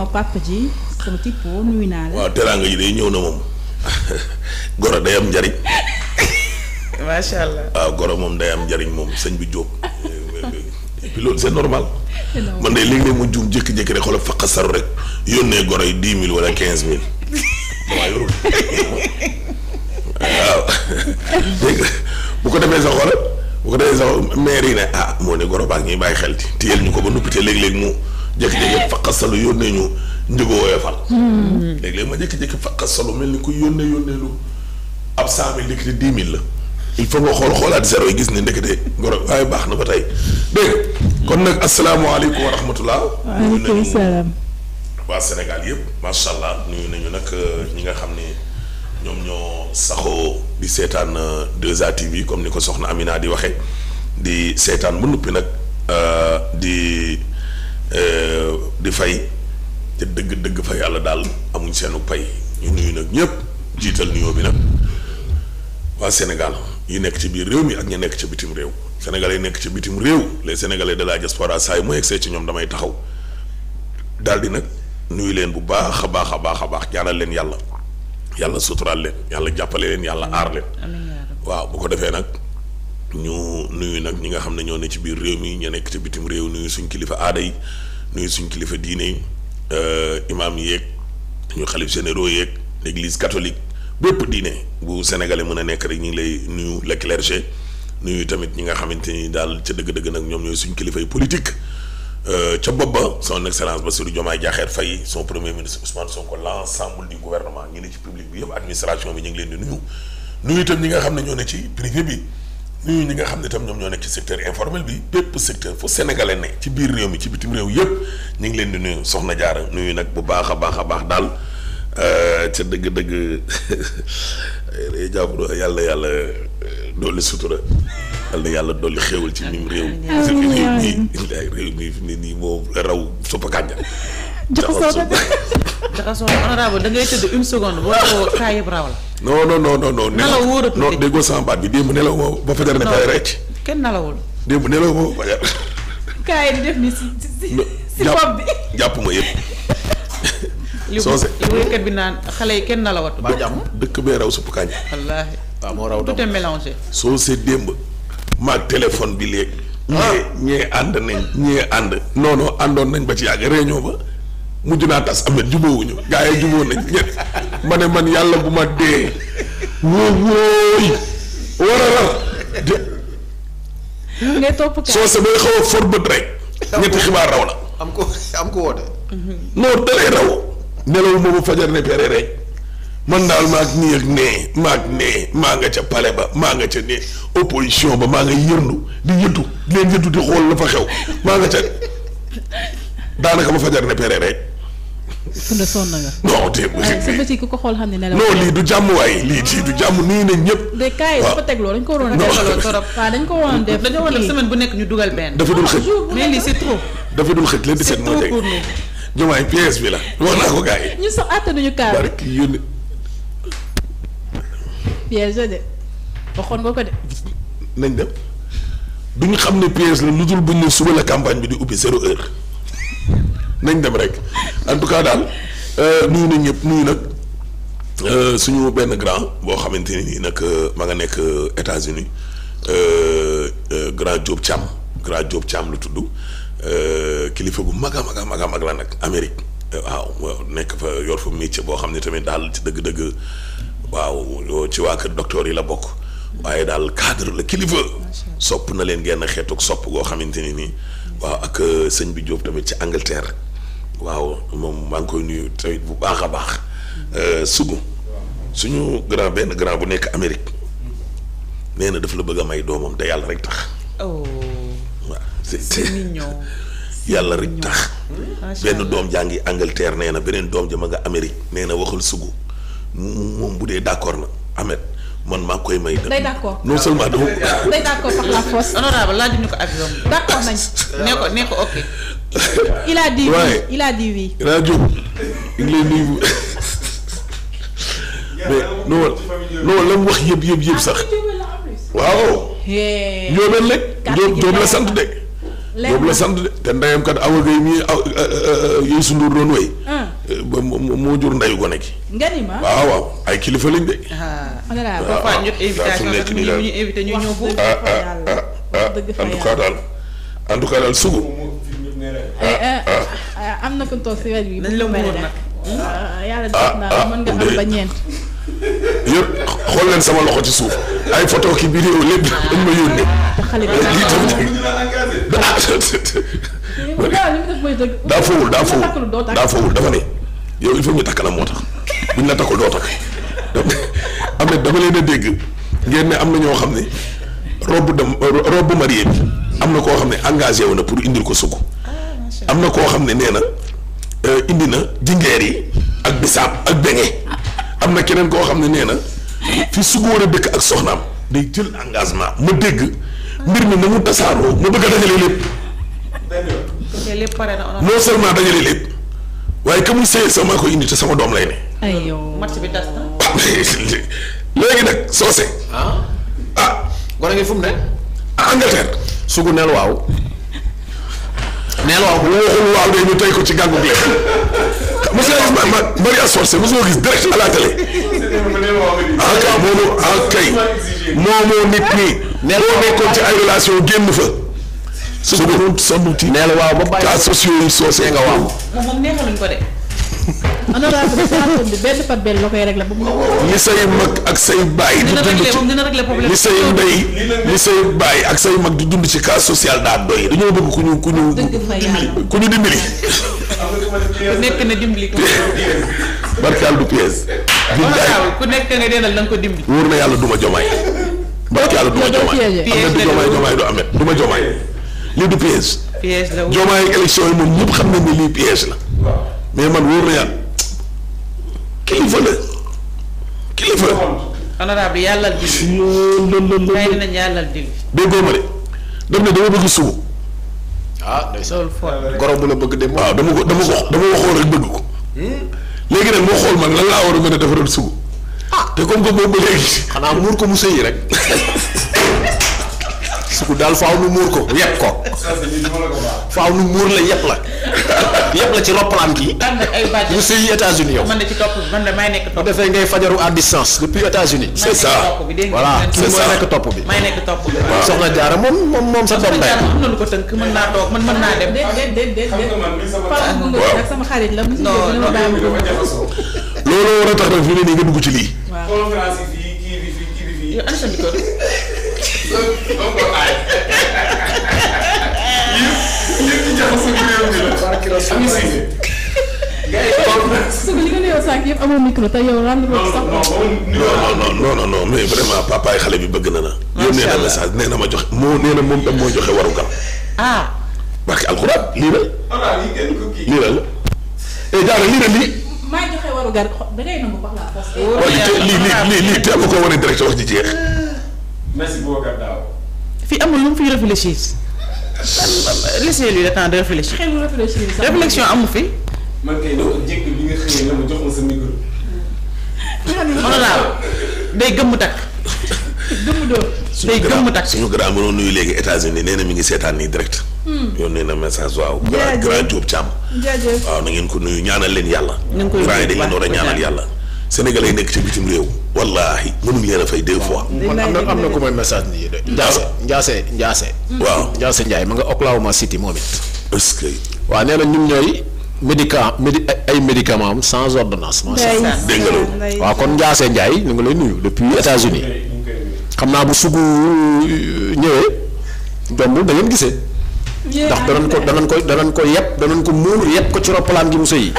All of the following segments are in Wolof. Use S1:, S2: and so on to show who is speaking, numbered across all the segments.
S1: ma papa ji sama waaw teraanga yi day ñëw na moom goro day am njariñ. macha allah waaw goro moom day am njariñ moom sëñ bi jóob loolu c'est normal. man de léeg-léeg mu juum jékki-jékki rek xoolal faq saru rek yónnee goro yi dix mille wala quinze mille damaa waaw bu ko defee sa xoolal bu ko defee sa maire yi ne ah moo ne goro baa ngi bàyyi xel ci téyel ñu ko ba noppi te léeg-léeg mu. jékki-jékki faqasalu yónnee ñu njëgu woyofal. Hmm. léeg-léeg ma jékki-jékki faqasalu mel ni ku yónnee yónnee lu ab cent mille léegi dix mille la. il faut nga xool xoolaat zéro yi gis ne ndekete ngoro waaye baax na ba tey dégg kon nag asalaamaaleykum wa rahmatulah. waa senegal yëpp macha allah nuyu nañu nag euh, ñi nga xam ne ñoom ñoo saxoo di seetaan euh, 2A TV comme ni ko soxna Amina di waxee di seetaan ba noppi nag euh, di. Euh, di fay te dëgg dëgg fa yàlla daal amuñ seenu pay ñu nuyu nag ñëpp jiital nuyoo bi nag waa Sénégal yi nekk ci biir réew mi ak ñu nekk ci bitim réew sénégalais yi nekk ci bitim réew les sénégalais de la diaspora saay yi mu egsee ci ñoom damay taxaw daal di nag nuyu leen bu baax a baax a baax a baax ñaanal leen yàlla yàlla suturaal leen yàlla jàppale leen yàlla aar leen waaw bu ko defee nag ñu nuyu nag ñi nga xam ne ñoo ne ci biir réew mi ña nekk ci bitim réew nuyu suñ kilifa aada yi nuyu suñ kilifa diine yi euh, imaam yeeg ñu xalif généraux yeeg l'église catholique bépp diine bu sénégalais mën a nekk rek ñu ngi lay nuyu le clergé nuyu tamit ñi nga xamante ni daal ca dëgg-dëgg nag ñoom ñooy suñ kilifay politique euh, ca bopp ba son excellence Bassirou Diomaye Diakhar Faye son premier ministre Ousmane Sonko l'ensemble du gouvernement ñi ne ci public bi yëpp administration bi ñu ngi leen di nuyu nuyu itam ñi nga xam ne ñoo ne ci privé bi. ñun ñi nga xam ne tam ñoom ñoo nekk ci secteur informel bi bépp secteur fu sénégalais ne ci biir réew mi ci bitim réew yëpp ñu ngi leen di nuyu soxna jaara nuyu nag bu baax a baax a baax daal euh, ca dëgg-dëgg jàpp yàlla yàlla. dolli sutura yal na dool dolli xéewal ci nim réew réew mii ay nii moo raw suppa kànja jaxasoo na jaxasoo na honorable da ngay tëdd une seconde boo ko kaa yëpp raw la non non non non non nelaw wóoratu non déggoo bi démb nelaw moo ba fajar ne pare rek kenn nelawul démb nelaw moo fajar kaa yi di def ni si si si bopp bi jàpp ma yëpp soose li wéykat bi naan xale yi kenn nelawatu ba jàmm dëkk bee raw supp kànja waaw moo soo see démb maag téléphone bi léegi ah. ñee ñee ànd nañ ñee ànd non àndoon nañ ba ci yàgg réunion ba mujj naa tas am na jubóowuñu gaa yi jubóo nañ ñett ma ne man yàlla bu ma dee wóo war a raw ngay soo sa bay xaw a rek ñetti xibaar raw la am ko am ko woote non dalay raw nelaw moomu fajar ne pere rek man daal maa ak nii ak nee ma ak nee ma nga ca pale ba maa nga ca nee opposition ba maa nga yëndu di yëndu di leen yëndu di xool la fa xew maa nga ca daanaka ba fajar ne pere rek. fu ne sonn nga. non ko xool xam ne ne la. non lii du jàmm waaye lii ci du jàmm nii nañ ñëpp. de kaay dafa teg loolu dañ ko waroon a dañ ko waroon def dañoo waroon def semaine bu nekk ñu dugal benn. dafa dul xëj mais lii c'est trop. dafa dul xëj leen di seet moo teg. jumaay pièce bi la wax naa ko gars yi. ñu sax àttanuñu kaar piège la de waxoon nga ko de. nañ dem du ñu xam ne piège la lu dul buñ ne suba la campagne bi di ubbi zéro heure nañ dem rek en tout cas daal euh, nuyu nañ ñëpp nuyu nag euh, suñu benn grand boo xamante ni nag euh, ma nga nekk États-Unis grand Diop Thiam grand Diop Thiam lu tudd kilifa gu mag a mag a mag la nag Amérique. waaw nekk fa yor fa métier boo xam ne tamit daal ci dëgg-dëgg waaw ci waa kër docteur yi la bokk waaye daal cadre la kilifa sopp na leen genn xeetuk sopp goo xamante ni nii waaw ak euh, sëñ bi Diop tamit ci Angleterre waaw moom maa ngi koy nuyu tamit bu baax a baax euh, sugu suñu grand benn grand bu nekk Amérique nee na daf la bëgg a may doomam da yàlla rek tax. Oh. yàlla rek tax benn doom jaa ngi Angleterre nee na beneen doom ja ma nga Amérique nee na waxal sugu moom bu dee d'accord na Ahmed man maa koy may. day d'accord non ko avion d'accord nañ. nee ko nee ko ok. il a dit a mais non non la mu wax yëpp yëpp yëpp sax. Ah, waaw. ñoo doon lekk. la sant de. boobu la sant de te ndeyam kat Awa Gueye mii yooyu sunduur doon wéy moo hmm. eh, jur ndeyu gone gi ma waaw waaw ay kilifa lañ de am na ko toog si wet bi dañ la mën nag ah, yàlla ah, def naa ah, mën nga am ba ñeent yëpp xool leen sama loxo ci suuf ay photo ki vidéo lépp dañ ma yónnee lii tamit daa fowul daa fowul daa fowul dafa ne yow il faut ñu takk na moo tax buñ la takkul doo takk am na dama leen a dégg ngeen ne am na ñoo xam ne robe de euh, robe mariée bi am na koo xam ne engagé wu na pour indil ko sukk ah, am na koo xam ne nee na euh, indi na jingeer yi ak bisaab ak beñe am na keneen koo xam ne nee na fi su góor a dëkk ak soxnaam day jël engagement ma dégg mbir mi na mu tasaaroo mu bëgg a dajale lépp. lépp pare waaye que muy indi te doom lay ne. ayoo match bi léegi nag soose. ah ah. gone ah, sugu neel waaw. neel waaw bu waxul waaw de ñu tey ko ci gàngu gi mos nga gis ma ma Maria Sorcé ah, ah, nit ñi. boo nekkoon ci ay relation génn fa. su ko sonn ci neel waaw ba bàyyi cas sociaux yi soosee nga waaw. moom la koy réglé ba mu. li say mag ak say baay. di dund ci dina réglé problème li say ndey li say baay di dund ci cas social daa doy. dañoo bëgg ku ñu ku ñu. ku ñu dimbali. ku nekk na dimbali. barkaal du pièce. billaay ku nekk nga deenal na ko dimbali. wóor na yàlla duma jomaay. barke yàlla du ma joomaay am na du joomaay joomaay du amet du ma joomaay lii du piège. piège la joomaay yi moom ñëpp xam nañ ne lii piège la. mais man wóor na yàlla kilifa la kilifa. honorable déggoo ma de daf ne dama bëgg subu. ah day bu la bëgg dem. waaw dama ko dama ko dama ko xool rek bëgg ko. léegi nag moo xool man lan war a mën a defaral subu. te comme que boobu ba léegi. xanaa muur ko mu sëyi rek. suku daal faaw nu muur ko yépp ko. faaw nu muur la yépp la. yépp la ci roppalaan gi. mu sëyi États-Unis yow. man de ci topp man de may nekk topp. defee ngay fajaru à distance depuis États-Unis. c'est ça voilà kii mooy nekk topp bi. may nekk bi soxna Jaara moom moom moom sa doom day. am na lu ko tënk mën naa looloo war a tax nag fi mu ne nii ci lii. waaw conférence yi fii kii bi yow am sa micro. amoon micro te yow mais vraiment papa xale bi bëgg na na. yow nee na message nee na ma joxe moo nee moom tam joxe waru gar. ah. Eh, lii la. lii la lii. maa joxe warugar da ngay nangu wax la fas. lii lii lii te am ko wane direct wax ji jeex. merci beaucoup Dao. fii amul lu mu fiy réfléchir. laissez-lui le temps de réfléchir. xel réfléchir réflexion amu fi. man kay njëkk bi ma jox ma sa micro. mën naa day gëmm takk. gëmm dóor. day gëmm takk suñu grand suñu grand mënoo nuyu léegi États-Unis nee mi ngi seetaan nii direct. Hmm. yónnee na message waaw. jaajëf grand Diop Thiam. waaw na ko nuyu ñaanal leen yàlla. na ngeen koy nuyu dañ leen war a ñaanal yàlla. Sénégalais yi nekk ci bitim réew. wallaahi mënuñ leen a fay deux fois. am na am na ku may message nii de. Ndiasse hmm. Ndiasse hmm. waaw Ndiasse Ndiaye ma nga Oklahoma City moom it. est que. waaw nee na ñun ñooy médicament médi ay médicament am sans ordonnance. dégg nga loolu waaw kon Ndiasse Ndiaye ñu ngi lay nuyu depuis États-Unis xam naa bu sugu euh, ñëwee ndax danañ ko danañ ko danañ ko yëpp danañ ko muur yëpp ko ci roppalaan gi mu sëy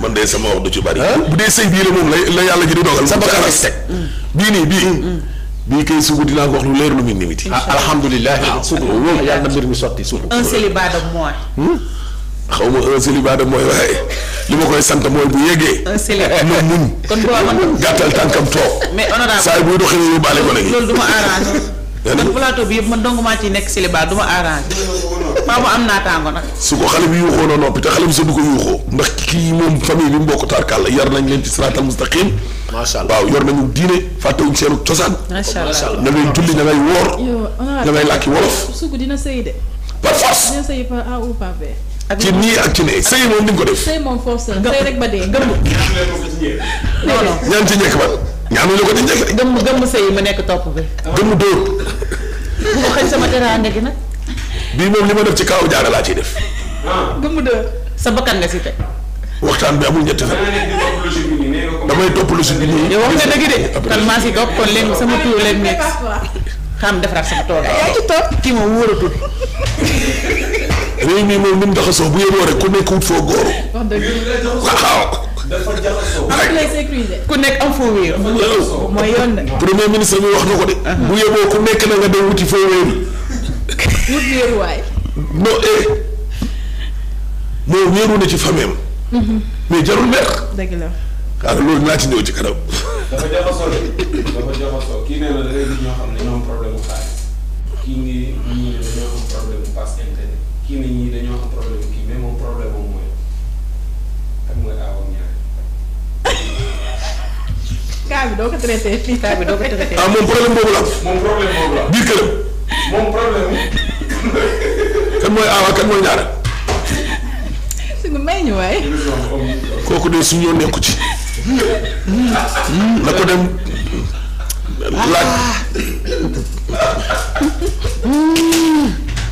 S1: man de sama wax du ci bari. bu dee sëy bii la moom la la yàlla ji di dogal. sa bakkan teg mm. bii nii bii. Mm. bii kay sugu dinaa ko wax lu leer lu muy nimiti. alhamdulilah sugu wóor yàlla na mbir mi sotti sugu. un célibat de moins. Hmm? xaw ma un ma koy boo amoon gàttal tànkam toog. mais honorable saa yi buy doxee yóbbaale ko nag. loolu du ma arrangé. man plateau bi yëpp man dong maa ciy nekk célibat du ma arrangé. paa bu am naataango nag. su ko xale bi yuuxoo na noppi te xale bi sax du ko yuuxoo ndax kii moom famille bi mu bokk tarkalla yar nañ leen ci siraatal mustaqim. macha allah waaw yor nañu diine fàttewuñ seenu cosaan. macha allah da ngay julli da ngay woor. da ngay làkki wolof. sugu dina sëy de. par force dina A ou ci nii ak ci nee. sëy moom ni ko def. sëy moom force la sëy rek ba ñaan ci njëkk ba. ñaanuñu ko di njëkk de. gëmm gëmm sëy mu nekk topp bi. gëmm dóor. bu ko xëy sama teraanga gi nag. bii moom li ma def ci kaw jaara laa ciy def. ba mu dër sa bakkan nga si teg. waxtaan bi amul ñetti fan. damay topp logique bi nii. yow wax nga dëgg de kon maa si toog kon leen sama tur leen nekk xam defaraat sama kii ma wóoratul. réew mi moom ni mu jaxasoo bu yeboo rek ku nekk wut foo góoru. ku nekk am foo wéeru. mooy yoon na. premier ministre bi wax na ko de. bu yeboo ku nekk na nga dem wuti foo wéeru. wut wéeruwaay. non eh moo wéeru ci famille am. Mhm. mais jarul neex. dëgg la. waaw ah, loolu de dafa jaxasoo kii na da ngay ñoo xam ne ñoo am problème mu xaalis kii kii nii ñii dañoo am problème mu kii mais moom problème ah, moom mooy xam moom problème bi. kan mooy awa kan mooy ñaareel. suñu may ñu waay. kooku de suñu yoon nekku ci. na ko dem. laaj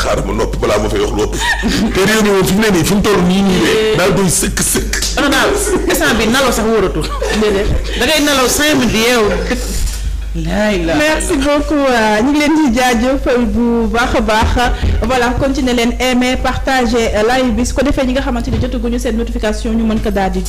S1: xaaral ma nopp balaa ma fay wax te réew mi fi mu ne nii fi mu toll nii nii de daal doy sëkk sëkk. non daal instant bi nalaw sax wóoratul. déedéet da ngay nalaw cinq minutes yeewu. merci beaucoup euh, ñu ngi leen di jaajëfal bu baax a baax voilà continuer leen aimer partager euh, live bi su ko defee ñi nga xamante ni jotaguñu seen notification ñu mën ko daal di.